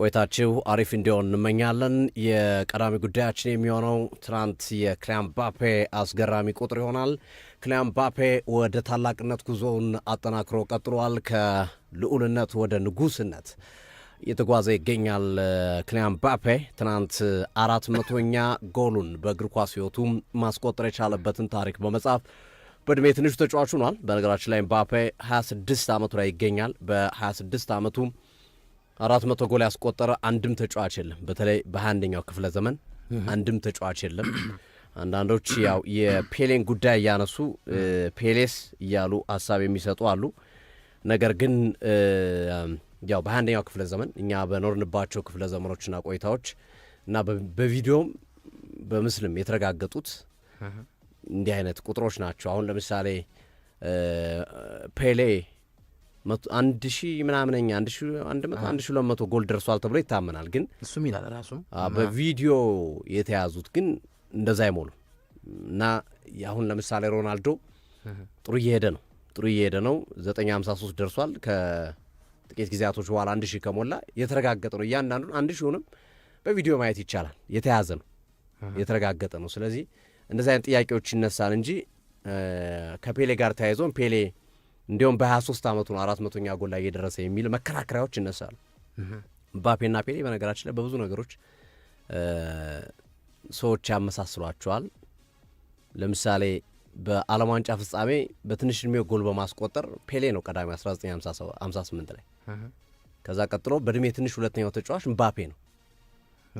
ቆይታችሁ አሪፍ እንዲሆን እንመኛለን። የቀዳሚ ጉዳያችን የሚሆነው ትናንት የክሊያን ባፔ አስገራሚ ቁጥር ይሆናል። ክሊያን ባፔ ወደ ታላቅነት ጉዞውን አጠናክሮ ቀጥሏል። ከልዑልነት ወደ ንጉስነት እየተጓዘ ይገኛል። ክሊያን ባፔ ትናንት አራት መቶኛ ጎሉን በእግር ኳስ ሕይወቱ ማስቆጠር የቻለበትን ታሪክ በመጻፍ በእድሜ ትንሹ ተጫዋች ሆኗል። በነገራችን ላይ ባፔ 26 ዓመቱ ላይ ይገኛል። በ26 ዓመቱ አራት መቶ ጎል ያስቆጠረ አንድም ተጫዋች የለም። በተለይ በአንደኛው ክፍለ ዘመን አንድም ተጫዋች የለም። አንዳንዶች ያው የፔሌን ጉዳይ እያነሱ ፔሌስ እያሉ ሀሳብ የሚሰጡ አሉ። ነገር ግን ያው በአንደኛው ክፍለ ዘመን እኛ በኖርንባቸው ክፍለ ዘመኖችና ቆይታዎች እና በቪዲዮም በምስልም የተረጋገጡት እንዲህ አይነት ቁጥሮች ናቸው። አሁን ለምሳሌ ፔሌ አንድ ሺ ምናምነኛ አንድ ሺ አንድ ሺ ሁለት መቶ ጎል ደርሷል ተብሎ ይታመናል። ግን እሱም ይላል ራሱም በቪዲዮ የተያዙት ግን እንደዛ አይሞሉ እና አሁን ለምሳሌ ሮናልዶ ጥሩ እየሄደ ነው ጥሩ እየሄደ ነው። ዘጠኝ ሀምሳ ሶስት ደርሷል። ከጥቂት ጊዜያቶች በኋላ አንድ ሺህ ከሞላ የተረጋገጠ ነው። እያንዳንዱን አንድ ሺውንም በቪዲዮ ማየት ይቻላል። የተያዘ ነው፣ የተረጋገጠ ነው። ስለዚህ እንደዚህ አይነት ጥያቄዎች ይነሳል እንጂ ከፔሌ ጋር ተያይዞን ፔሌ እንዲሁም በ23 ዓመቱ ነው አራት መቶኛ ጎል ላይ እየደረሰ የሚል መከራከሪያዎች ይነሳሉ። ምባፔና ፔሌ በነገራችን ላይ በብዙ ነገሮች ሰዎች ያመሳስሏቸዋል። ለምሳሌ በዓለም ዋንጫ ፍጻሜ በትንሽ እድሜው ጎል በማስቆጠር ፔሌ ነው ቀዳሚ 1958 ላይ። ከዛ ቀጥሎ በእድሜ ትንሽ ሁለተኛው ተጫዋች ምባፔ ነው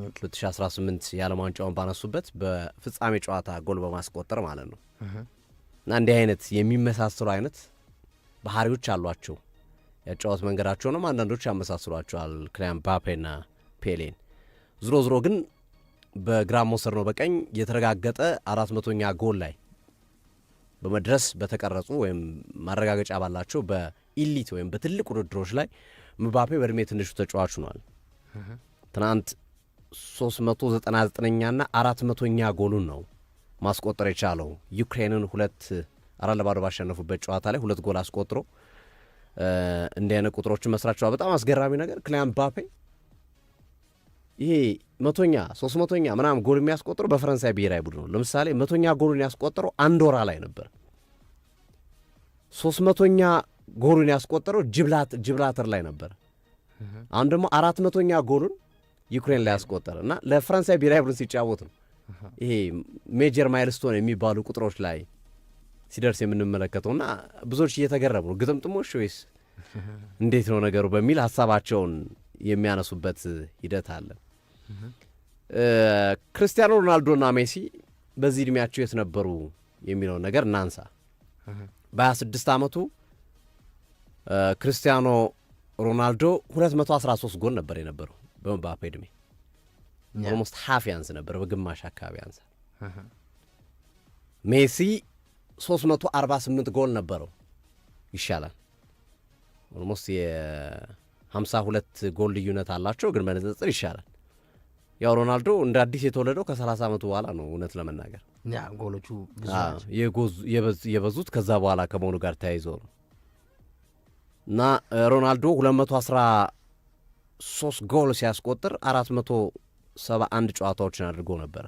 2018 የዓለም ዋንጫውን ባነሱበት በፍጻሜ ጨዋታ ጎል በማስቆጠር ማለት ነው እና እንዲህ አይነት የሚመሳሰሉ አይነት ባህሪዎች አሏቸው። የጨዋት መንገዳቸውንም አንዳንዶች ያመሳስሏቸዋል ክሊያን ምባፔና ፔሌን። ዝሮ ዝሮ ግን በግራም ሞሰር ነው በቀኝ የተረጋገጠ አራት መቶኛ ጎል ላይ በመድረስ በተቀረጹ ወይም ማረጋገጫ ባላቸው በኢሊት ወይም በትልቅ ውድድሮች ላይ ምባፔ በእድሜ ትንሹ ተጫዋች ሆኗል። ትናንት 399ኛና አራት መቶኛ ጎሉን ነው ማስቆጠር የቻለው ዩክሬንን ሁለት አራት ለባዶ ባሸነፉበት ጨዋታ ላይ ሁለት ጎል አስቆጥሮ እንዲህ አይነት ቁጥሮችን መስራቸዋል። በጣም አስገራሚ ነገር ክሊያን ምባፔ ይሄ መቶኛ ሶስት መቶኛ ምናምን ጎል የሚያስቆጥረው በፈረንሳይ ብሔራዊ ቡድን ነው። ለምሳሌ መቶኛ ጎሉን ያስቆጠረው አንዶራ ላይ ነበር። ሶስት መቶኛ ጎሉን ያስቆጠረው ጅብላተር ላይ ነበር። አሁን ደግሞ አራት መቶኛ ጎሉን ዩክሬን ላይ ያስቆጠረ እና ለፈረንሳይ ብሔራዊ ቡድን ሲጫወት ነው። ይሄ ሜጀር ማይልስቶን የሚባሉ ቁጥሮች ላይ ሲደርስ የምንመለከተው የምንመለከተውና ብዙዎች እየተገረሙ ነው። ግጥምጥሞች ወይስ እንዴት ነው ነገሩ በሚል ሀሳባቸውን የሚያነሱበት ሂደት አለ። ክርስቲያኖ ሮናልዶና ሜሲ በዚህ እድሜያቸው የት ነበሩ የሚለውን ነገር እናንሳ። በ26 ዓመቱ ክርስቲያኖ ሮናልዶ 213 ጎል ነበር የነበረው በምባፔ እድሜ ኦልሞስት ሀፍ ያንስ ነበር፣ በግማሽ አካባቢ ያንሳል። ሜሲ 348 ጎል ነበረው። ይሻላል። ኦልሞስት የ52 ጎል ልዩነት አላቸው፣ ግን በንጽጽር ይሻላል። ያው ሮናልዶ እንደ አዲስ የተወለደው ከ30 ዓመቱ በኋላ ነው። እውነት ለመናገር ጎሎቹ የበዙት ከዛ በኋላ ከመሆኑ ጋር ተያይዞ ነው እና ሮናልዶ 213 ጎል ሲያስቆጥር 471 ጨዋታዎችን አድርጎ ነበረ።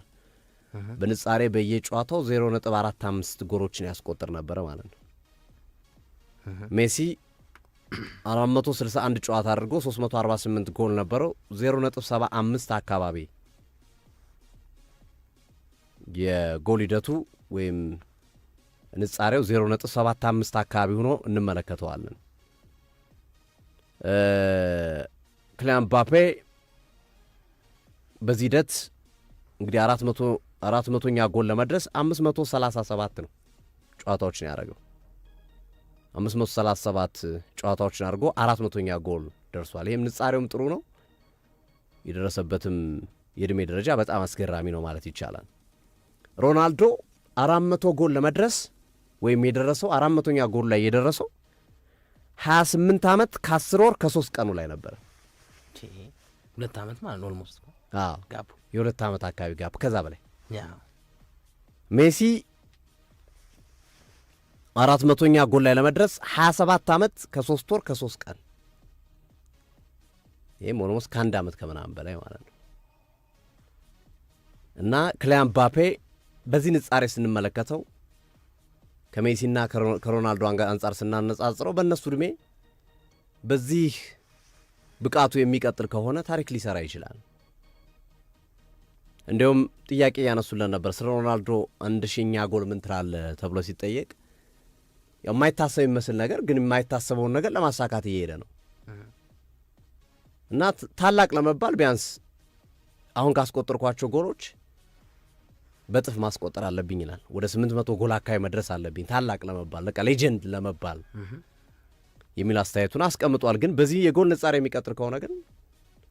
በንጻሬ በየጨዋታው 0.45 ጎሎችን ያስቆጥር ነበረ ማለት ነው። ሜሲ 461 ጨዋታ አድርጎ 348 ጎል ነበረው። 0.75 አካባቢ የጎል ሂደቱ ወይም ንጻሬው 0.75 አካባቢ ሆኖ እንመለከተዋለን። ክሊያን ምባፔ በዚህ ሂደት እንግዲህ አራት መቶኛ ጎል ለመድረስ 537 ነው ጨዋታዎችን ያደረገው 537 ጨዋታዎችን አድርጎ አራት መቶኛ ጎል ደርሷል። ይህም ንጻሬውም ጥሩ ነው። የደረሰበትም የእድሜ ደረጃ በጣም አስገራሚ ነው ማለት ይቻላል። ሮናልዶ አራት መቶ ጎል ለመድረስ ወይም የደረሰው አራት መቶኛ ጎል ላይ የደረሰው 28 ዓመት ከ10 ወር ከ3 ቀኑ ላይ ነበረ። ሁለት ዓመት ማለት ነው። ኦልሞስት የሁለት ዓመት አካባቢ ጋፕ ከዛ በላይ ሜሲ አራት መቶኛ ጎል ላይ ለመድረስ 27 ዓመት ከሶስት ወር ከሶስት ቀን ይህም ኦልሞስት ከአንድ ዓመት ከምናምን በላይ ማለት ነው እና ክሊያን ባፔ በዚህ ንጻሬ ስንመለከተው ከሜሲና ከሮናልዶ አንጻር ስናነጻጽረው በእነሱ ዕድሜ በዚህ ብቃቱ የሚቀጥል ከሆነ ታሪክ ሊሰራ ይችላል። እንዲሁም ጥያቄ እያነሱለን ነበር ስለ ሮናልዶ አንድ ሺኛ ጎል ምን ትላለ ተብሎ ሲጠየቅ የማይታሰብ የሚመስል ነገር ግን የማይታሰበውን ነገር ለማሳካት እየሄደ ነው እና ታላቅ ለመባል ቢያንስ አሁን ካስቆጠርኳቸው ጎሎች በጥፍ ማስቆጠር አለብኝ ይላል። ወደ ስምንት መቶ ጎል አካባቢ መድረስ አለብኝ ታላቅ ለመባል በቃ ሌጀንድ ለመባል የሚል አስተያየቱን አስቀምጧል። ግን በዚህ የጎል ንጻር የሚቀጥር ከሆነ ግን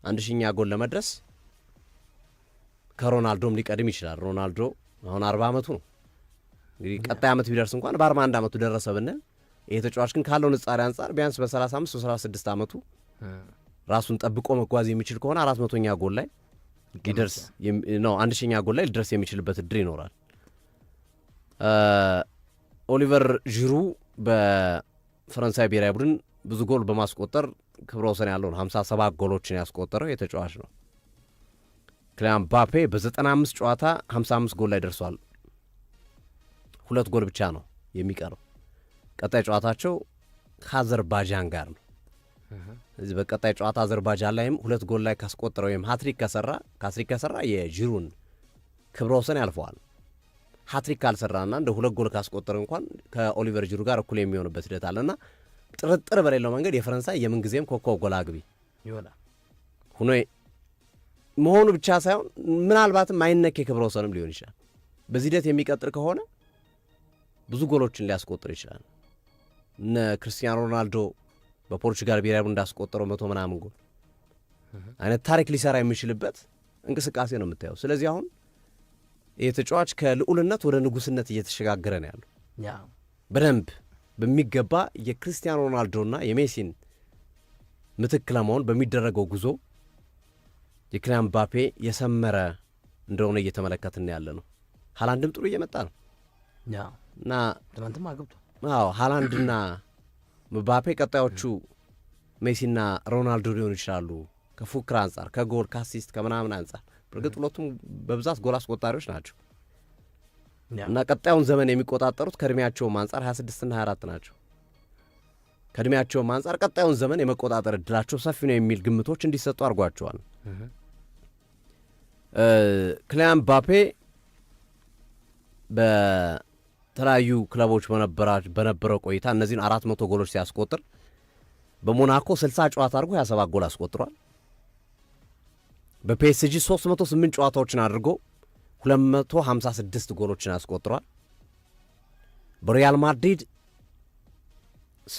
አንድ ሺኛ ጎል ለመድረስ ከሮናልዶም ሊቀድም ይችላል። ሮናልዶ አሁን አርባ ዓመቱ ነው። እንግዲህ ቀጣይ ዓመት ቢደርስ እንኳን በአርባ አንድ ዓመቱ ደረሰ ብንል ይህ ተጫዋች ግን ካለው ንጻሪ አንጻር ቢያንስ በ35 36 ዓመቱ ራሱን ጠብቆ መጓዝ የሚችል ከሆነ አራት መቶኛ ጎል ላይ ሊደርስ ነው አንድ ሺኛ ጎል ላይ ሊደርስ የሚችልበት እድል ይኖራል። ኦሊቨር ዥሩ በፈረንሳይ ብሔራዊ ቡድን ብዙ ጎል በማስቆጠር ክብረ ወሰን ያለውን 57 ጎሎችን ያስቆጠረው የተጫዋች ነው። ክሊያን ምባፔ በ95 ጨዋታ 55 ጎል ላይ ደርሷል። ሁለት ጎል ብቻ ነው የሚቀረው። ቀጣይ ጨዋታቸው ከአዘርባጃን ጋር ነው። እዚህ በቀጣይ ጨዋታ አዘርባጃን ላይም ሁለት ጎል ላይ ካስቆጠረ ወይም ሀትሪክ ከሰራ ከሀትሪክ ከሰራ የጅሩን ክብረ ወሰን ያልፈዋል። ሀትሪክ ካልሰራና እንደ ሁለት ጎል ካስቆጠረ እንኳን ከኦሊቨር ጅሩ ጋር እኩል የሚሆንበት ሂደት አለና ጥርጥር በሌለው መንገድ የፈረንሳይ የምንጊዜም ኮከብ ጎል አግቢ ይሆናል ሁኖ መሆኑ ብቻ ሳይሆን ምናልባትም ማይነክ የክብረ ወሰንም ሊሆን ይችላል። በዚህ ሂደት የሚቀጥል ከሆነ ብዙ ጎሎችን ሊያስቆጥር ይችላል። እነ ክርስቲያኖ ሮናልዶ በፖርቹጋል ብሔራዊ እንዳስቆጠረው መቶ ምናምን ጎል አይነት ታሪክ ሊሰራ የሚችልበት እንቅስቃሴ ነው የምታየው። ስለዚህ አሁን ተጫዋች ከልዑልነት ወደ ንጉስነት እየተሸጋገረ ነው ያሉ በደንብ በሚገባ የክርስቲያኖ ሮናልዶና የሜሲን ምትክ ለመሆን በሚደረገው ጉዞ የክሊያን ምባፔ የሰመረ እንደሆነ እየተመለከትን ያለ ነው። ሀላንድም ጥሩ እየመጣ ነው እና ትናንትም አግብቷል። አዎ ሀላንድና ምባፔ ቀጣዮቹ ሜሲና ሮናልዶ ሊሆኑ ይችላሉ። ከፉክር አንጻር፣ ከጎል ከአሲስት ከምናምን አንጻር በእርግጥ ሁለቱም በብዛት ጎል አስቆጣሪዎች ናቸው እና ቀጣዩን ዘመን የሚቆጣጠሩት ከእድሜያቸውም አንጻር 26ና 24 ናቸው። ከእድሜያቸውም አንጻር ቀጣዩን ዘመን የመቆጣጠር እድላቸው ሰፊ ነው የሚል ግምቶች እንዲሰጡ አድርጓቸዋል። ክሊያን ምባፔ በተለያዩ ክለቦች በነበረው ቆይታ እነዚህን አራት መቶ ጎሎች ሲያስቆጥር በሞናኮ 60 ጨዋታ አድርጎ 27 ጎል አስቆጥሯል። በፒኤስጂ 308 ጨዋታዎችን አድርጎ 256 ጎሎችን አስቆጥሯል። በሪያል ማድሪድ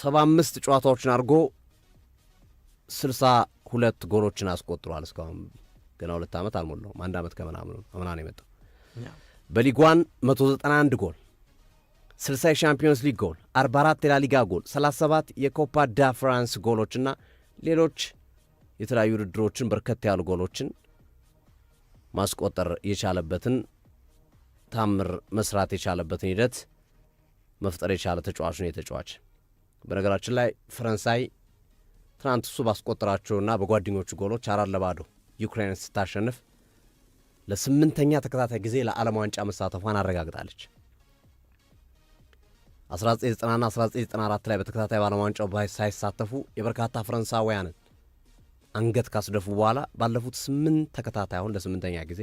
75 ጨዋታዎችን አድርጎ 62 ጎሎችን አስቆጥሯል እስካሁን ገና ሁለት ዓመት አልሞላውም። አንድ ዓመት ከምናምን አምና ነው የመጣው። 191 ጎል፣ 60 የሻምፒዮንስ ሊግ ጎል፣ 44 የላሊጋ ጎል፣ 37 የኮፓ ዳ ፍራንስ ጎሎችና ሌሎች የተለያዩ ውድድሮችን በርከት ያሉ ጎሎችን ማስቆጠር የቻለበትን ታምር መስራት የቻለበትን ሂደት መፍጠር የቻለ ተጫዋች ነው። የተጫዋች በነገራችን ላይ ፈረንሳይ ትናንት እሱ ባስቆጠራቸውና በጓደኞቹ ጎሎች አራት ለባዶ ዩክሬን ስታሸንፍ ለስምንተኛ ተከታታይ ጊዜ ለዓለም ዋንጫ መሳተፏን አረጋግጣለች። 1990ና 1994 ላይ በተከታታይ በዓለም ዋንጫው ሳይሳተፉ የበርካታ ፈረንሳውያንን አንገት ካስደፉ በኋላ ባለፉት ስምንት ተከታታይ አሁን ለስምንተኛ ጊዜ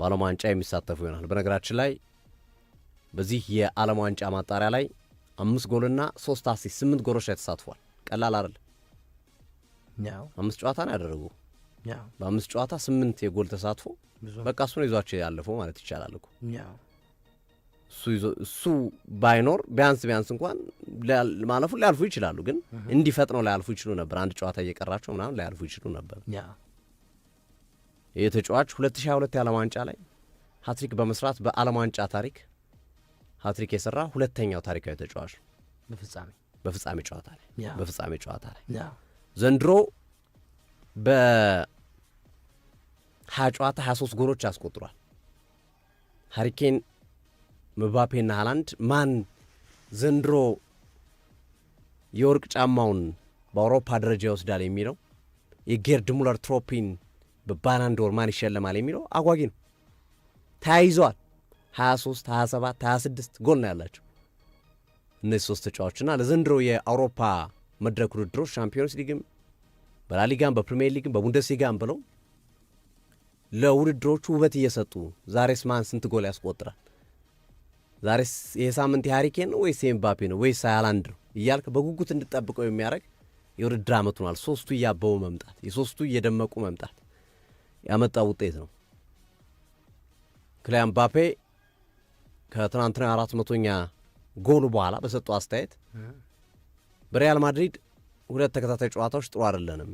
በዓለም ዋንጫ የሚሳተፉ ይሆናል። በነገራችን ላይ በዚህ የዓለም ዋንጫ ማጣሪያ ላይ አምስት ጎልና ሶስት አሲስት ስምንት ጎሎች ላይ ተሳትፏል። ቀላል አይደለም። አምስት ጨዋታ ነው ያደረጉ በአምስት ጨዋታ ስምንት የጎል ተሳትፎ በቃ እሱ ነው ይዟቸው ያለፈው ማለት ይቻላል እኮ እሱ ባይኖር ቢያንስ ቢያንስ እንኳን ማለፉ ሊያልፉ ይችላሉ፣ ግን እንዲፈጥነው ላያልፉ ይችሉ ነበር። አንድ ጨዋታ እየቀራቸው ምናምን ላያልፉ ይችሉ ነበር። ይህ ተጫዋች 2022 የዓለም ዋንጫ ላይ ሀትሪክ በመስራት በዓለም ዋንጫ ታሪክ ሀትሪክ የሰራ ሁለተኛው ታሪካዊ ተጫዋች ነው። በፍጻሜ ጨዋታ ላይ በፍጻሜ ጨዋታ ላይ ዘንድሮ ሀያ ጨዋታ 23 ጎሎች አስቆጥሯል። ሀሪኬን፣ ምባፔና ሃላንድ ማን ዘንድሮ የወርቅ ጫማውን በአውሮፓ ደረጃ ይወስዳል የሚለው የጌርድ ሙለር ትሮፒን በባላንዶር ማን ይሸለማል የሚለው አጓጊ ነው። ተያይዘዋል 23፣ 27፣ 26 ጎል ነው ያላቸው እነዚህ ሶስት ተጫዋቾችና ለዘንድሮ የአውሮፓ መድረክ ውድድሮች ሻምፒዮንስ ሊግም በላሊጋም በፕሪሚየር ሊግም በቡንደስሊጋም ብለው ለውድድሮቹ ውበት እየሰጡ ዛሬስ ማን ስንት ጎል ያስቆጥራል? ዛሬስ ይሄ ሳምንት የሃሪኬን ነው ወይስ የኤምባፔ ነው ወይስ ሃላንድ ነው እያልክ በጉጉት እንድጠብቀው የሚያደርግ የውድድር አመቱ ናል ሶስቱ እያበቡ መምጣት፣ የሶስቱ እየደመቁ መምጣት ያመጣ ውጤት ነው። ክሊያን ምባፔ ከትናንትና አራት መቶኛ ጎሉ በኋላ በሰጡ አስተያየት በሪያል ማድሪድ ሁለት ተከታታይ ጨዋታዎች ጥሩ አይደለንም፣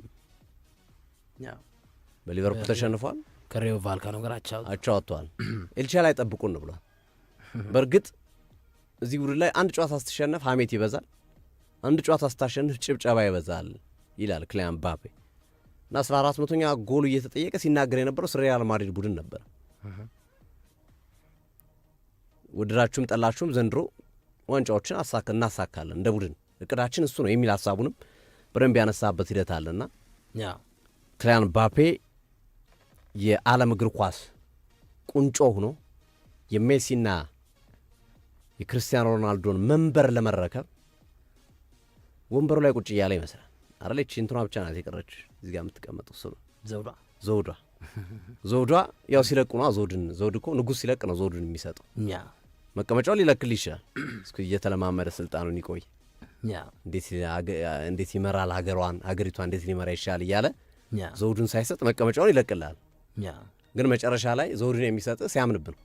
በሊቨርፑል ተሸንፏል ከሬዮ ቫልካኖ ጋር አቻ ወጥተዋል። ኤልቻ ላይ ጠብቁን ብሏል። በእርግጥ እዚህ ቡድን ላይ አንድ ጨዋታ ስትሸነፍ ሀሜት ይበዛል፣ አንድ ጨዋታ ስታሸንፍ ጭብጨባ ይበዛል ይላል ክሊያን ባፔ እና አስራ አራት መቶኛ ጎሉ እየተጠየቀ ሲናገር የነበረው ስለ ሪያል ማድሪድ ቡድን ነበር። ወደዳችሁም ጠላችሁም ዘንድሮ ዋንጫዎችን እናሳካለን እንደ ቡድን እቅዳችን እሱ ነው የሚል ሀሳቡንም በደንብ ያነሳበት ሂደት አለና ክሊያን ባፔ የዓለም እግር ኳስ ቁንጮ ሆኖ የሜሲና የክርስቲያኖ ሮናልዶን መንበር ለመረከብ ወንበሩ ላይ ቁጭ እያለ ይመስላል። አረለች እንትኗ ብቻ ናት የቀረች እዚህ ጋር የምትቀመጡ ስሉ ዘውዷ ዘውዷ ዘውዷ ያው ሲለቁ ነ ዘውድን ዘውድ እኮ ንጉሥ ሲለቅ ነው ዘውዱን የሚሰጠው። መቀመጫው ሊለክል ይችላል። እስኪ እየተለማመደ ስልጣኑን ይቆይ፣ እንዴት ይመራል ሀገሯን ሀገሪቷ እንዴት ሊመራ ይሻል እያለ ዘውዱን ሳይሰጥ መቀመጫውን ይለቅላል። ግን መጨረሻ ላይ ዘውድን የሚሰጥ ሲያምንብን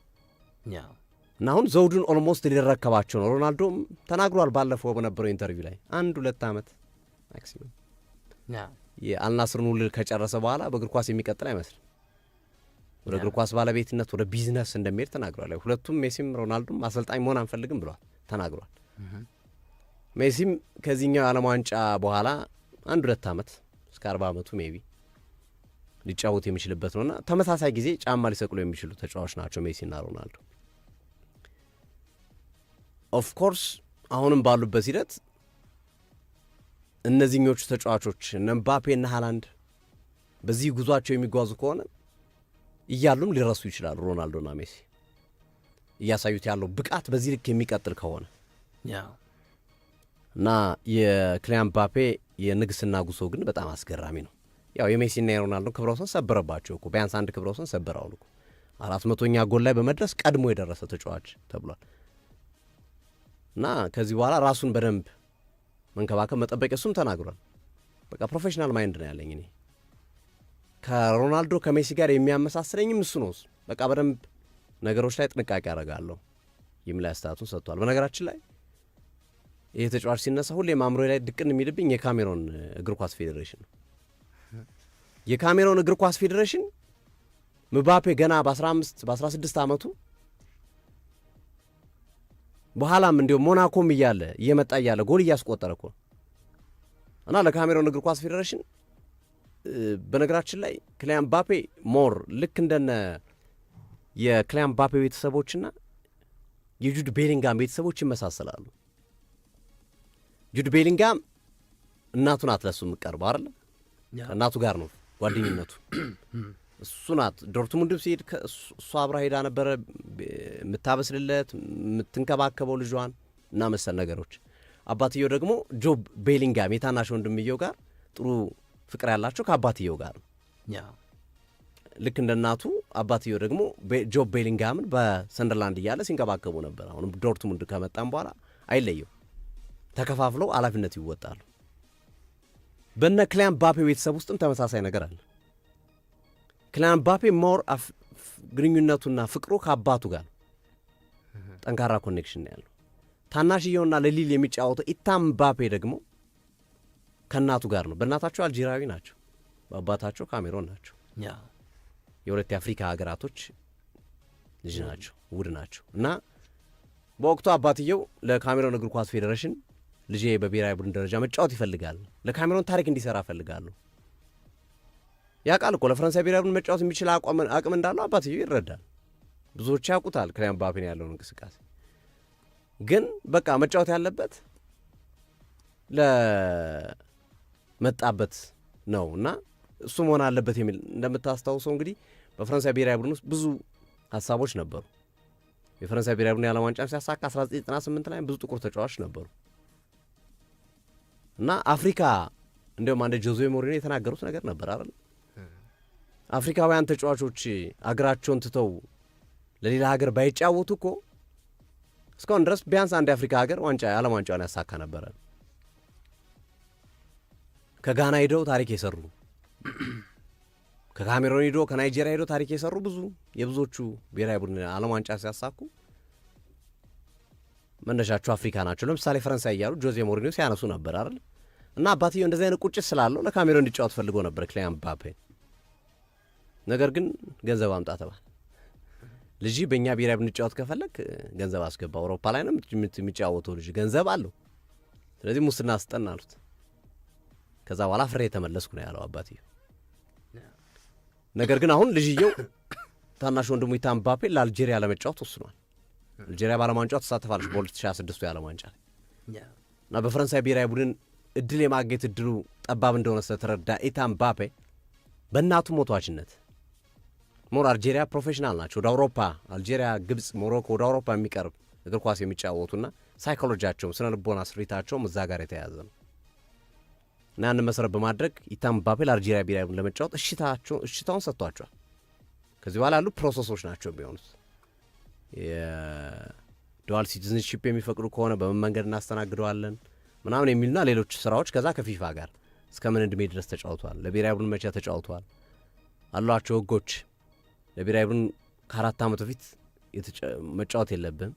እና አሁን ዘውዱን ኦልሞስት ሊረከባቸው ነው። ሮናልዶም ተናግሯል ባለፈው በነበረው ኢንተርቪው ላይ አንድ ሁለት ዓመት ማክሲመም የአልናስርን ውል ከጨረሰ በኋላ በእግር ኳስ የሚቀጥል አይመስልም። ወደ እግር ኳስ ባለቤትነት ወደ ቢዝነስ እንደሚሄድ ተናግሯል። ሁለቱም ሜሲም ሮናልዶም አሰልጣኝ መሆን አንፈልግም ብሏል ተናግሯል። ሜሲም ከዚህኛው የዓለም ዋንጫ በኋላ አንድ ሁለት ዓመት እስከ አርባ ዓመቱ ሜቢ ሊጫወት የሚችልበት ነውና ተመሳሳይ ጊዜ ጫማ ሊሰቅሉ የሚችሉ ተጫዋች ናቸው ሜሲና ሮናልዶ። ኦፍኮርስ አሁንም ባሉበት ሂደት እነዚህኞቹ ተጫዋቾች እነ እና ሃላንድ በዚህ ጉዟቸው የሚጓዙ ከሆነ እያሉም ሊረሱ ይችላሉ። ሮናልዶና ሜሲ እያሳዩት ያለው ብቃት በዚህ ልክ የሚቀጥል ከሆነ እና የክሊያን ምባፔ የንግስና ጉዞ ግን በጣም አስገራሚ ነው። ያው የሜሲና የሮናልዶ ክብረ ወሰን ሰብረባቸው እኮ ቢያንስ አንድ ክብረ ወሰን ሰብረዋል እኮ አራት መቶኛ ጎል ላይ በመድረስ ቀድሞ የደረሰ ተጫዋች ተብሏል። እና ከዚህ በኋላ ራሱን በደንብ መንከባከብ መጠበቅ፣ እሱም ተናግሯል። በቃ ፕሮፌሽናል ማይንድ ነው ያለኝ እኔ ከሮናልዶ ከሜሲ ጋር የሚያመሳስለኝም እሱ ነው። በቃ በደንብ ነገሮች ላይ ጥንቃቄ አደርጋለሁ ይህም ላይ አስተያየቱን ሰጥቷል። በነገራችን ላይ ይህ ተጫዋች ሲነሳ ሁሌም አእምሮ ላይ ድቅን የሚልብኝ የካሜሮን እግር ኳስ ፌዴሬሽን ነው። የካሜሮን እግር ኳስ ፌዴሬሽን ምባፔ ገና በ15 በ16 ዓመቱ በኋላም እንዲሁም ሞናኮም እያለ እየመጣ እያለ ጎል እያስቆጠረ እኮ እና ለካሜሮን እግር ኳስ ፌዴሬሽን በነገራችን ላይ ክሊያን ባፔ ሞር ልክ እንደነ የክሊያን ምባፔ ቤተሰቦችና የጁድ ቤሊንጋም ቤተሰቦች ይመሳሰላሉ። ጁድ ቤሊንጋም እናቱን አትለሱ የምቀርበው ከእናቱ ጋር ነው ጓደኝነቱ እሱ ናት። ዶርትሙንድም ሲሄድ እሷ አብራ ሄዳ ነበረ የምታበስልለት የምትንከባከበው ልጇን እና መሰል ነገሮች። አባትየው ደግሞ ጆብ ቤሊንጋም የታናሽ ወንድምየው ጋር ጥሩ ፍቅር ያላቸው ከአባትየው ጋር ነው። ልክ እንደ እናቱ አባትየው ደግሞ ጆብ ቤሊንጋምን በሰንደርላንድ እያለ ሲንከባከቡ ነበር። አሁንም ዶርትሙንድ ከመጣም በኋላ አይለየው፣ ተከፋፍለው ኃላፊነት ይወጣሉ። በነ ክሊያን ባፔ ቤተሰብ ውስጥም ተመሳሳይ ነገር አለ። ክሊያን ባፔ ሞር ግንኙነቱና ፍቅሩ ከአባቱ ጋር ጠንካራ ኮኔክሽን ነው ያለው። ታናሽየውና ለሊል የሚጫወተው ኢታም ባፔ ደግሞ ከእናቱ ጋር ነው። በእናታቸው አልጄራዊ ናቸው፣ በአባታቸው ካሜሮን ናቸው። የሁለት የአፍሪካ ሀገራቶች ልጅ ናቸው፣ ውድ ናቸው እና በወቅቱ አባትየው ለካሜሮን እግር ኳስ ፌዴሬሽን ልጄ በብሔራዊ ቡድን ደረጃ መጫወት ይፈልጋል። ለካሜሮን ታሪክ እንዲሰራ እፈልጋለሁ። ያ ቃል እኮ ለፈረንሳይ ብሔራዊ ቡድን መጫወት የሚችል አቅም እንዳለው አባትየው ይረዳል። ብዙዎች ያውቁታል ክሊያን ምባፔን ያለውን እንቅስቃሴ። ግን በቃ መጫወት ያለበት ለመጣበት ነው እና እሱ መሆን አለበት የሚል እንደምታስታውሰው እንግዲህ በፈረንሳይ ብሔራዊ ቡድን ውስጥ ብዙ ሀሳቦች ነበሩ። የፈረንሳይ ብሔራዊ ቡድን የዓለም ዋንጫ ሲያሳካ 1998 ላይ ብዙ ጥቁር ተጫዋች ነበሩ። እና አፍሪካ እንዲሁም አንድ ጆዜ ሞሪኖ የተናገሩት ነገር ነበር አይደል? አፍሪካውያን ተጫዋቾች አገራቸውን ትተው ለሌላ ሀገር ባይጫወቱ እኮ እስካሁን ድረስ ቢያንስ አንድ የአፍሪካ ሀገር ዋንጫ የዓለም ዋንጫውን ያሳካ ነበረ። ከጋና ሄደው ታሪክ የሰሩ ከካሜሮን ሄዶ ከናይጄሪያ ሄዶ ታሪክ የሰሩ ብዙ የብዙዎቹ ብሔራዊ ቡድን ዓለም ዋንጫ ሲያሳኩ መነሻቸው አፍሪካ ናቸው። ለምሳሌ ፈረንሳይ እያሉ ጆዜ ሞሪኒዮ ሲያነሱ ነበር አይደል? እና አባትየው እንደዚህ አይነት ቁጭት ስላለው ለካሜሮ እንዲጫወት ፈልጎ ነበር ክሊያን ምባፔ። ነገር ግን ገንዘብ አምጣ ተባለ። ልጅ በእኛ ብሔራዊ ብንጫወት ከፈለግ ገንዘብ አስገባ። አውሮፓ ላይ ነው የሚጫወተው ልጅ ገንዘብ አለው። ስለዚህ ሙስና ስጠን አሉት። ከዛ በኋላ ፍሬ የተመለስኩ ነው ያለው አባትየው። ነገር ግን አሁን ልጅየው ታናሽ ወንድሙ ኢታ ምባፔ ለአልጄሪያ ለመጫወት ወስኗል። አልጄሪያ በዓለም ዋንጫ ትሳተፋለች በ2026 የዓለም ዋንጫ ላይ እና በፈረንሳይ ብሔራዊ ቡድን እድል የማግኘት እድሉ ጠባብ እንደሆነ ስለተረዳ ኢታን ባፔ በእናቱ ሞቷችነት ሞር አልጄሪያ ፕሮፌሽናል ናቸው። ወደ አውሮፓ አልጄሪያ፣ ግብፅ፣ ሞሮኮ ወደ አውሮፓ የሚቀርብ እግር ኳስ የሚጫወቱና ሳይኮሎጂያቸውም ስነ ልቦና ስሪታቸውም እዛ ጋር የተያያዘ ነው እና ያንን መሰረት በማድረግ ኢታን ባፔ ለአልጄሪያ ብሔራዊ ቡድን ለመጫወት እሽታውን ሰጥቷቸዋል። ከዚህ በኋላ ያሉ ፕሮሰሶች ናቸው የሚሆኑት የዱዋል ሲቲዝንሽፕ የሚፈቅዱ ከሆነ በምን መንገድ እናስተናግደዋለን ምናምን የሚሉና ሌሎች ስራዎች ከዛ ከፊፋ ጋር እስከ ምን እድሜ ድረስ ተጫውተዋል፣ ለብሔራዊ ቡድን መቼ ተጫውተዋል አሏቸው ህጎች። ለብሔራዊ ቡድን ከአራት ዓመት በፊት መጫወት የለብም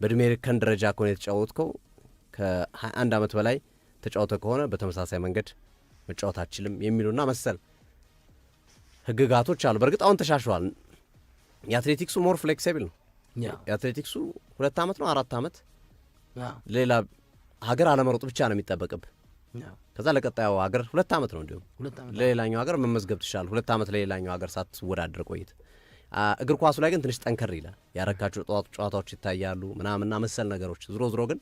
በእድሜ እርከን ደረጃ ከሆነ የተጫወትከው ከ21 ዓመት በላይ ተጫውተ ከሆነ በተመሳሳይ መንገድ መጫወት አችልም የሚሉና መሰል ህግጋቶች አሉ። በእርግጥ አሁን ተሻሽሏል። የአትሌቲክሱ ሞር ፍሌክሲብል ነው። የአትሌቲክሱ ሁለት ዓመት ነው አራት አመት ሌላ ሀገር አለመሮጥ ብቻ ነው የሚጠበቅብ። ከዛ ለቀጣዩ ሀገር ሁለት ዓመት ነው እንዲሁም ለሌላኛው ሀገር መመዝገብ ትችላል። ሁለት ዓመት ለሌላኛው ሀገር ሳትወዳደር ቆይት። እግር ኳሱ ላይ ግን ትንሽ ጠንከር ይላል። ያረካቸው ጨዋታዎች ይታያሉ ምናምንና መሰል ነገሮች። ዝሮ ዝሮ ግን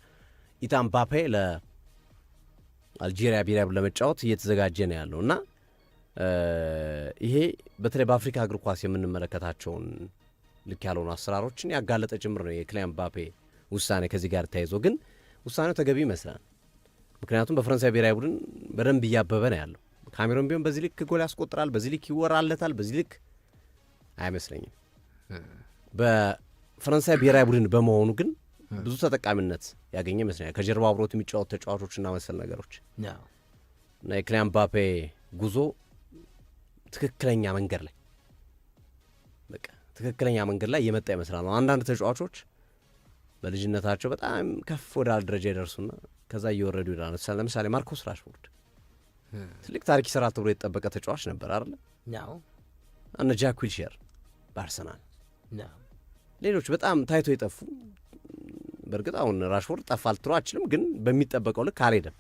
ኢታን ባፔ ለአልጄሪያ ብሔራዊ ለመጫወት እየተዘጋጀ ነው ያለው እና ይሄ በተለይ በአፍሪካ እግር ኳስ የምንመለከታቸውን ልክ ያልሆኑ አሰራሮችን ያጋለጠ ጭምር ነው የክሊያን ምባፔ ውሳኔ። ከዚህ ጋር ተያይዞ ግን ውሳኔው ተገቢ ይመስላል። ምክንያቱም በፈረንሳይ ብሔራዊ ቡድን በደንብ እያበበ ነው ያለው። ካሜሮን ቢሆን በዚህ ልክ ጎል ያስቆጥራል፣ በዚህ ልክ ይወራለታል፣ በዚህ ልክ አይመስለኝም። በፈረንሳይ ብሔራዊ ቡድን በመሆኑ ግን ብዙ ተጠቃሚነት ያገኘ ይመስለኛል። ከጀርባ አብሮት የሚጫወቱ ተጫዋቾችና መሰል ነገሮች እና የክሊያን ምባፔ ጉዞ ትክክለኛ መንገድ ላይ ትክክለኛ መንገድ ላይ እየመጣ ይመስላል ነው። አንዳንድ ተጫዋቾች በልጅነታቸው በጣም ከፍ ወዳለ ደረጃ ይደርሱና ከዛ እየወረዱ ይላል። ለምሳሌ ማርኮስ ራሽፎርድ ትልቅ ታሪክ ይሰራ ተብሎ የተጠበቀ ተጫዋች ነበር አለ እነ ጃክ ዊልሼር በአርሰናል ሌሎች በጣም ታይቶ የጠፉ በእርግጥ አሁን ራሽፎርድ ጠፋ ልትሮ አችልም፣ ግን በሚጠበቀው ልክ አልሄደም።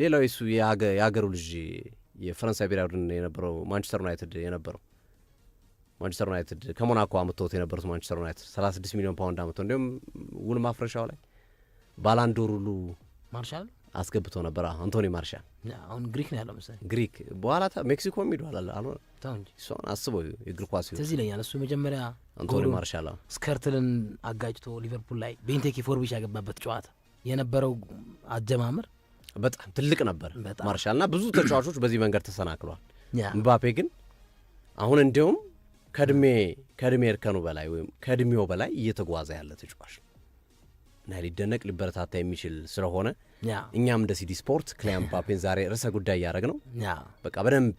ሌላው የሱ የሀገሩ ልጅ የፈረንሳይ ብሔራዊ ቡድን የነበረው ማንቸስተር ዩናይትድ የነበረው ማንቸስተር ዩናይትድ ከሞናኮ አምጥቶት የነበሩት ማንቸስተር ዩናይትድ 36 ሚሊዮን ፓውንድ አምጥቶ እንዲሁም ውል ማፍረሻው ላይ ባላንዶር ሁሉ ማርሻል አስገብቶ ነበር። አንቶኒ ማርሻል አሁን ግሪክ ነው ያለው መሰለኝ። ግሪክ በኋላ ሜክሲኮም ሂዷል። እሷን አስበው የእግር ኳስ ትዝ ይለኛል። እሱ መጀመሪያ አንቶኒ ማርሻል ስከርትልን አጋጭቶ ሊቨርፑል ላይ ቤንቴኪ ፎርቢሽ ያገባበት ጨዋታ የነበረው አጀማመር በጣም ትልቅ ነበር ማርሻል እና ብዙ ተጫዋቾች በዚህ መንገድ ተሰናክሏል። ምባፔ ግን አሁን እንዲሁም ከእድሜ ከእድሜ እርከኑ በላይ ወይም ከእድሜው በላይ እየተጓዘ ያለ ተጫዋች ነው እና ሊደነቅ ሊበረታታ የሚችል ስለሆነ እኛም እንደ ሲዲ ስፖርት ክሊያን ምባፔን ዛሬ ርዕሰ ጉዳይ እያደረግ ነው። በቃ በደንብ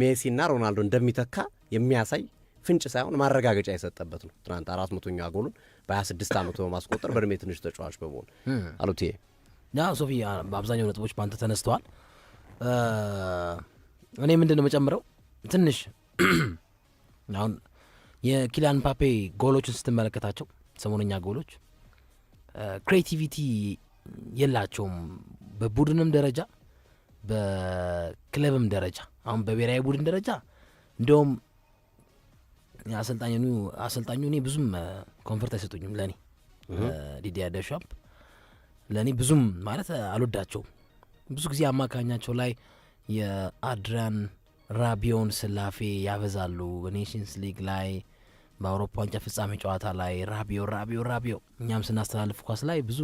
ሜሲና ሮናልዶ እንደሚተካ የሚያሳይ ፍንጭ ሳይሆን ማረጋገጫ የሰጠበት ነው። ትናንት አራት መቶኛ ጎሉን በ26 ዓመቱ በማስቆጠር በእድሜ ትንሽ ተጫዋች በመሆን አሉት። ሶፊ በአብዛኛው ነጥቦች በአንተ ተነስተዋል። እኔ ምንድን ነው መጨምረው ትንሽ አሁን የኪሊያን ፓፔ ጎሎችን ስትመለከታቸው ሰሞነኛ ጎሎች ክሬቲቪቲ የላቸውም። በቡድንም ደረጃ በክለብም ደረጃ አሁን በብሔራዊ ቡድን ደረጃ እንደውም አሰልጣኙ አሰልጣኙ እኔ ብዙም ኮንፈርት አይሰጡኝም። ለእኔ ዲዲያ ደሻምፕ ለእኔ ብዙም ማለት አልወዳቸውም። ብዙ ጊዜ አማካኛቸው ላይ የአድሪያን ራቢዮን ስላፌ ያበዛሉ። በኔሽንስ ሊግ ላይ በአውሮፓ ዋንጫ ፍጻሜ ጨዋታ ላይ ራቢዮ ራቢዮ ራቢዮ እኛም ስናስተላልፍ ኳስ ላይ ብዙ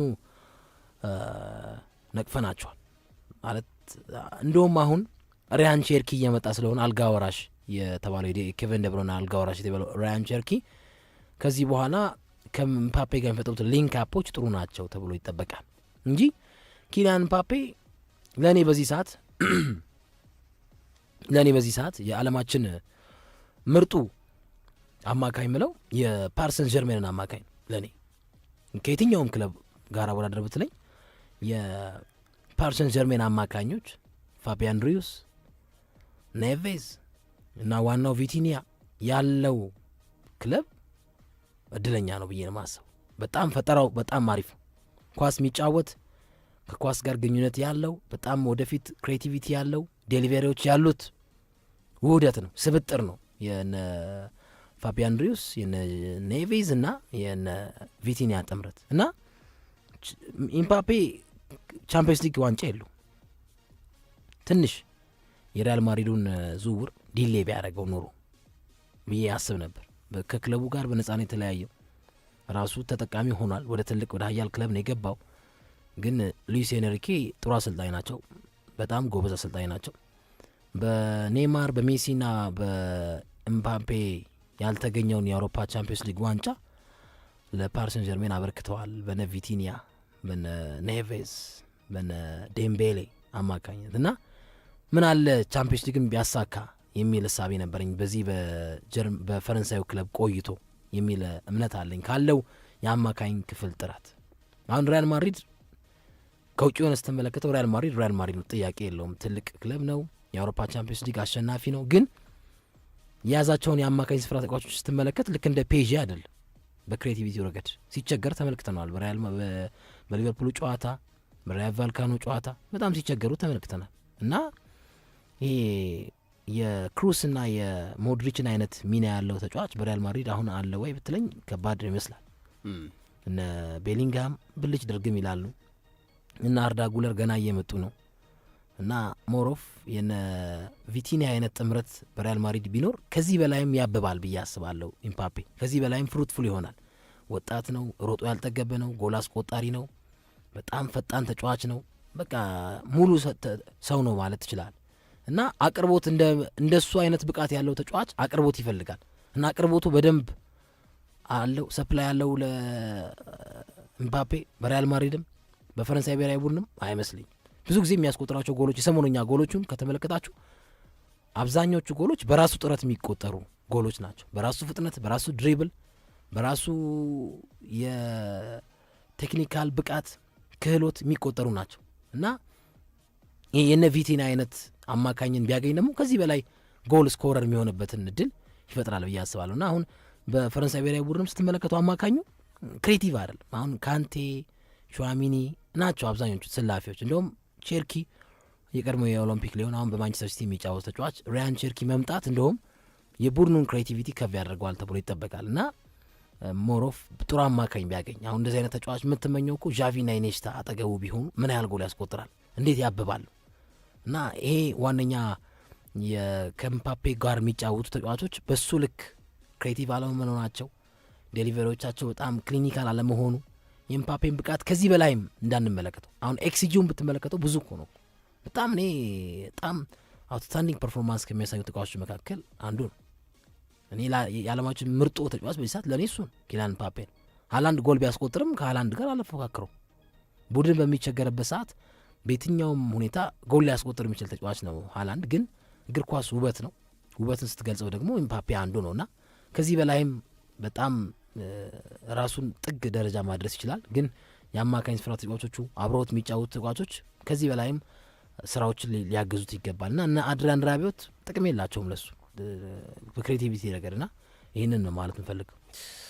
ነቅፈናቸዋል። ማለት እንደውም አሁን ሪያን ቼርኪ እየመጣ ስለሆነ አልጋ ወራሽ የተባለው ኬቨን ደብሮና አልጋ ወራሽ የተባለው ሪያን ቼርኪ ከዚህ በኋላ ከምፓፔ ጋር የሚፈጠሩት ሊንክ አፖች ጥሩ ናቸው ተብሎ ይጠበቃል እንጂ ኪሊያን ምፓፔ ለእኔ በዚህ ሰዓት ለእኔ በዚህ ሰዓት የዓለማችን ምርጡ አማካኝ ምለው የፓርሰን ጀርሜንን አማካኝ ነው። ለእኔ ከየትኛውም ክለብ ጋር አወዳደር ብትለኝ የፓርሰን ጀርሜን አማካኞች ፋቢያን ሪዩስ፣ ኔቬዝ እና ዋናው ቪቲኒያ ያለው ክለብ እድለኛ ነው ብዬ ነው ማሰብ። በጣም ፈጠራው በጣም አሪፍ ነው። ኳስ የሚጫወት ከኳስ ጋር ግንኙነት ያለው በጣም ወደፊት ክሬቲቪቲ ያለው ዴሊቨሪዎች ያሉት ውህደት ነው፣ ስብጥር ነው። የነ ፋቢያን ሪዩስ የነ ኔቬዝ እና የነ ቪቲኒያ ጥምረት እና ኢምፓፔ ቻምፒየንስ ሊግ ዋንጫ የሉ ትንሽ የሪያል ማድሪዱን ዝውውር ዲሌ ቢያደርገው ኖሮ ብዬ አስብ ነበር። ከክለቡ ጋር በነጻነት የተለያየው ራሱ ተጠቃሚ ሆኗል። ወደ ትልቅ ወደ ሀያል ክለብ ነው የገባው። ግን ሉዊስ ኤንሪኬ ጥሩ አሰልጣኝ ናቸው። በጣም ጎበዝ አሰልጣኝ ናቸው። በኔይማር በሜሲና በኤምባፔ ያልተገኘውን የአውሮፓ ቻምፒዮንስ ሊግ ዋንጫ ለፓሪሰን ጀርሜን አበርክተዋል። በነ ቪቲኒያ በነ ኔቬዝ በነ ዴምቤሌ አማካኝነት እና ምን አለ ቻምፒዮንስ ሊግን ቢያሳካ የሚል እሳቤ ነበረኝ። በዚህ በፈረንሳዩ ክለብ ቆይቶ የሚል እምነት አለኝ ካለው የአማካኝ ክፍል ጥራት። አሁን ሪያል ማድሪድ ከውጭ የሆነ ስትመለከተው ሪያል ማድሪድ ሪያል ማድሪድ ነው፣ ጥያቄ የለውም። ትልቅ ክለብ ነው። የአውሮፓ ቻምፒዮንስ ሊግ አሸናፊ ነው። ግን የያዛቸውን የአማካኝ ስፍራ ተጫዋቾች ስትመለከት ልክ እንደ ፔዥ አይደል በክሬቲቪቲ ረገድ ሲቸገር ተመልክተነዋል። በሪያል በሊቨርፑሉ ጨዋታ፣ በሪያል ቫልካኖ ጨዋታ በጣም ሲቸገሩ ተመልክተናል እና ይሄ የክሩስና የሞድሪችን አይነት ሚና ያለው ተጫዋች በሪያል ማድሪድ አሁን አለ ወይ ብትለኝ ከባድ ይመስላል። እነ ቤሊንግሃም ብልጭ ድርግም ይላሉ እና አርዳ ጉለር ገና እየመጡ ነው። እና ሞሮፍ የነ ቪቲኒ አይነት ጥምረት በሪያል ማድሪድ ቢኖር ከዚህ በላይም ያብባል ብዬ አስባለሁ። ኢምፓፔ ከዚህ በላይም ፍሩትፉል ይሆናል። ወጣት ነው፣ ሮጦ ያልጠገበ ነው፣ ጎል አስቆጣሪ ነው፣ በጣም ፈጣን ተጫዋች ነው። በቃ ሙሉ ሰው ነው ማለት ትችላል። እና አቅርቦት እንደሱ አይነት ብቃት ያለው ተጫዋች አቅርቦት ይፈልጋል እና አቅርቦቱ በደንብ አለው ሰፕላይ ያለው ለኢምፓፔ በሪያል ማድሪድም በፈረንሳይ ብሔራዊ ቡድንም አይመስልኝ ብዙ ጊዜ የሚያስቆጥራቸው ጎሎች የሰሞነኛ ጎሎቹን ከተመለከታችሁ አብዛኞቹ ጎሎች በራሱ ጥረት የሚቆጠሩ ጎሎች ናቸው። በራሱ ፍጥነት፣ በራሱ ድሪብል፣ በራሱ የቴክኒካል ብቃት ክህሎት የሚቆጠሩ ናቸው እና የነ ቪቲና አይነት አማካኝን ቢያገኝ ደግሞ ከዚህ በላይ ጎል ስኮረር የሚሆንበትን እድል ይፈጥራል ብዬ አስባለሁ እና አሁን በፈረንሳይ ብሔራዊ ቡድንም ስትመለከቱ አማካኙ ክሬቲቭ አይደለም። አሁን ካንቴ ሸዋሚኒ ናቸው አብዛኞቹ ስላፊዎች። እንዲሁም ቼርኪ የቀድሞ የኦሎምፒክ ሊሆን አሁን በማንቸስተር ሲቲ የሚጫወት ተጫዋች ሪያን ቼርኪ መምጣት እንደውም የቡድኑን ክሬቲቪቲ ከፍ ያደርገዋል ተብሎ ይጠበቃል እና ሞሮፍ ጥሩ አማካኝ ቢያገኝ አሁን እንደዚህ አይነት ተጫዋች የምትመኘው እኮ ዣቪና ኢኔስታ አጠገቡ ቢሆኑ ምን ያህል ጎል ያስቆጥራል፣ እንዴት ያብባሉ። እና ይሄ ዋነኛ ከምፓፔ ጋር የሚጫወቱ ተጫዋቾች በሱ ልክ ክሬቲቭ አለመሆናቸው፣ ዴሊቨሪዎቻቸው በጣም ክሊኒካል አለመሆኑ የምፓፔን ብቃት ከዚህ በላይም እንዳንመለከተው አሁን ኤክስጂውን ብትመለከተው ብዙ እኮ ነው። በጣም እኔ በጣም አውትስታንዲንግ ፐርፎርማንስ ከሚያሳዩ ተጫዋቾች መካከል አንዱ ነው። እኔ የዓለማችን ምርጡ ተጫዋች በዚህ ሰዓት ለእኔ ነው፣ ኪሊያን ኤምባፔን። ሀላንድ ጎል ቢያስቆጥርም ከሀላንድ ጋር አልፎካክረው። ቡድን በሚቸገርበት ሰዓት በየትኛውም ሁኔታ ጎል ሊያስቆጥር የሚችል ተጫዋች ነው ሀላንድ። ግን እግር ኳስ ውበት ነው። ውበትን ስትገልጸው ደግሞ ኤምባፔ አንዱ ነው እና ከዚህ በላይም በጣም ራሱን ጥግ ደረጃ ማድረስ ይችላል። ግን የአማካኝ ስፍራ ተጫዋቾቹ አብረውት የሚጫወቱ ተጫዋቾች ከዚህ በላይም ስራዎችን ሊያግዙት ይገባል እና እና አድሪያን ራቢዮት ጥቅም የላቸውም ለሱ በክሬቲቪቲ ነገር ና ይህንን ነው ማለት ንፈልግ።